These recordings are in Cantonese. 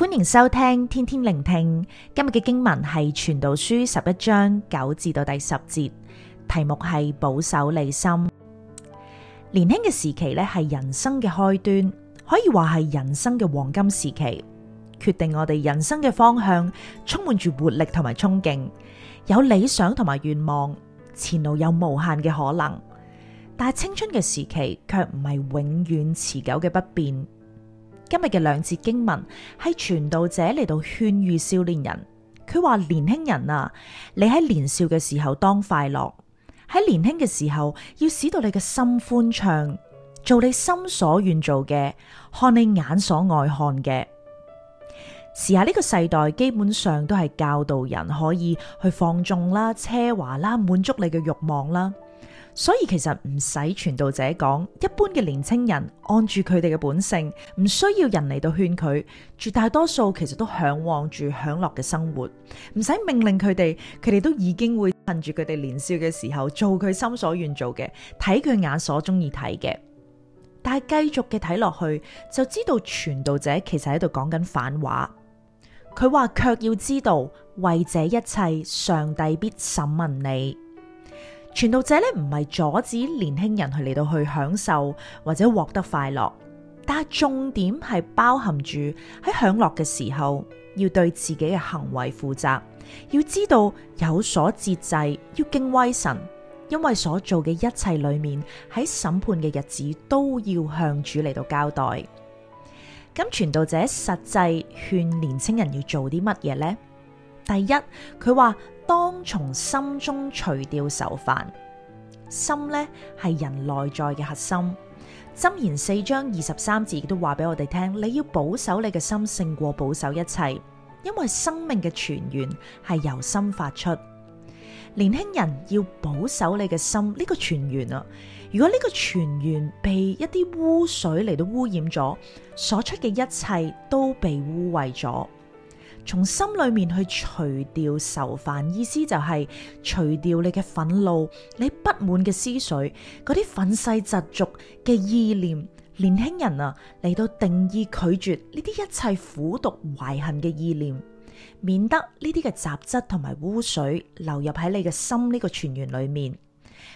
歡迎收聽天天靈聽。今日嘅經文係《傳道書》十一章九至到第十節，題目係保守你心。年輕嘅時期咧，係人生嘅開端，可以話係人生嘅黃金時期，決定我哋人生嘅方向，充滿住活力同埋衝勁，有理想同埋願望，前路有無限嘅可能。但係青春嘅時期，卻唔係永遠持久嘅不變。今日嘅兩節經文係傳道者嚟到勸喻少年人，佢話年輕人啊，你喺年少嘅時候當快樂，喺年輕嘅時候要使到你嘅心歡暢，做你心所願做嘅，看你眼所愛看嘅。時下呢個世代基本上都係教導人可以去放縱啦、奢華啦、滿足你嘅慾望啦。所以其實唔使傳道者講，一般嘅年輕人按住佢哋嘅本性，唔需要人嚟到勸佢，絕大多數其實都向往住享樂嘅生活，唔使命令佢哋，佢哋都已經會趁住佢哋年少嘅時候做佢心所願做嘅，睇佢眼所中意睇嘅。但係繼續嘅睇落去，就知道傳道者其實喺度講緊反話。佢話卻要知道，為這一切，上帝必審問你。傳道者咧，唔係阻止年輕人去嚟到去享受或者獲得快樂，但係重點係包含住喺享樂嘅時候要對自己嘅行為負責，要知道有所節制，要敬畏神，因為所做嘅一切裏面喺審判嘅日子都要向主嚟到交代。咁傳道者實際勸年輕人要做啲乜嘢呢？第一，佢話。當從心中除掉愁煩，心咧係人內在嘅核心。《箴言四章》二十三字都話俾我哋聽，你要保守你嘅心勝過保守一切，因為生命嘅泉源係由心發出。年輕人要保守你嘅心，呢、這個泉源啊！如果呢個泉源被一啲污水嚟到污染咗，所出嘅一切都被污穢咗。從心裏面去除掉愁煩，意思就係除掉你嘅憤怒、你不滿嘅思緒、嗰啲憤世嫉俗嘅意念。年輕人啊，嚟到定意拒絕呢啲一切苦毒懷恨嘅意念，免得呢啲嘅雜質同埋污水流入喺你嘅心呢個泉源裏面，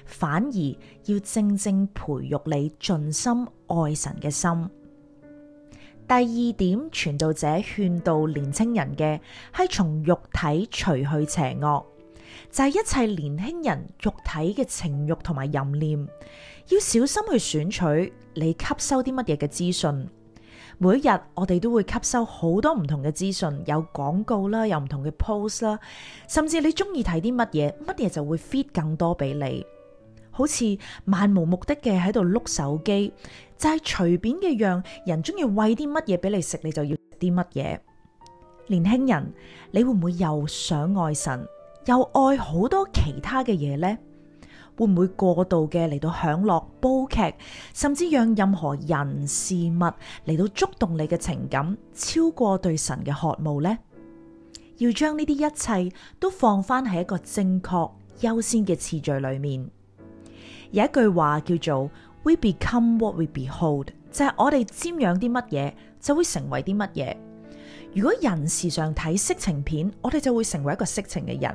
反而要正正培育你盡心愛神嘅心。第二點，傳道者勸導年輕人嘅係從肉體除去邪惡，就係一切年輕人肉體嘅情慾同埋淫念，要小心去選取你吸收啲乜嘢嘅資訊。每日我哋都會吸收好多唔同嘅資訊，有廣告啦，有唔同嘅 post 啦，甚至你中意睇啲乜嘢，乜嘢就會 feed 更多俾你。好似漫無目的嘅喺度碌手機，就係隨便嘅，讓人中意喂啲乜嘢俾你食，你就要食啲乜嘢。年輕人，你會唔會又想愛神，又愛好多其他嘅嘢呢？會唔會過度嘅嚟到享樂、煲劇，甚至讓任何人事物嚟到觸動你嘅情感，超過對神嘅渴慕呢？要將呢啲一切都放翻喺一個正確優先嘅次序裏面。有一句話叫做 We become what we behold，就係我哋瞻仰啲乜嘢，就會成為啲乜嘢。如果人時常睇色情片，我哋就會成為一個色情嘅人；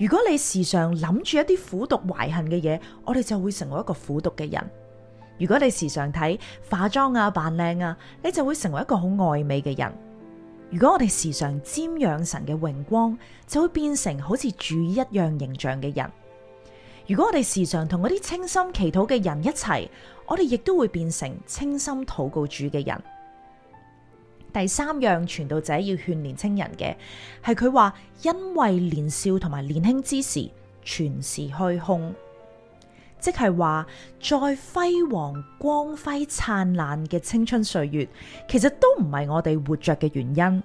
如果你時常諗住一啲苦毒懷恨嘅嘢，我哋就會成為一個苦毒嘅人；如果你時常睇化妝啊扮靚啊，你就會成為一個好愛美嘅人；如果我哋時常瞻仰神嘅榮光，就會變成好似主一樣形象嘅人。如果我哋時常同嗰啲清心祈禱嘅人一齊，我哋亦都會變成清心禱告主嘅人。第三樣傳道者要勸年青人嘅係佢話，因為年少同埋年輕之時，全是虛空，即係話再輝煌、光輝、燦爛嘅青春歲月，其實都唔係我哋活着嘅原因。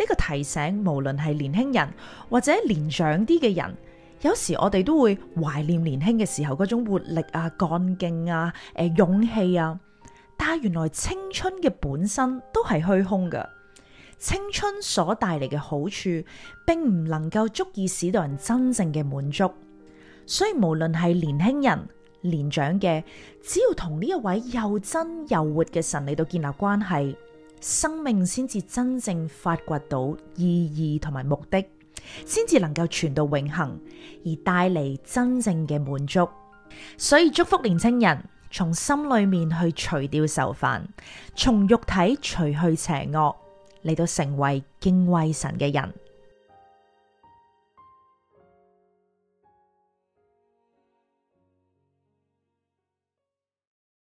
呢個提醒，無論係年輕人或者年長啲嘅人。有時我哋都會懷念年輕嘅時候嗰種活力啊、幹勁啊、誒、呃、勇氣啊，但原來青春嘅本身都係虛空嘅。青春所帶嚟嘅好處，並唔能夠足以使到人真正嘅滿足。所以無論係年輕人、年長嘅，只要同呢一位又真又活嘅神嚟到建立關係，生命先至真正發掘到意義同埋目的。先至能夠傳到永恆，而帶嚟真正嘅滿足。所以祝福年輕人從心裏面去除掉愁煩，從肉體除去邪惡，嚟到成為敬畏神嘅人。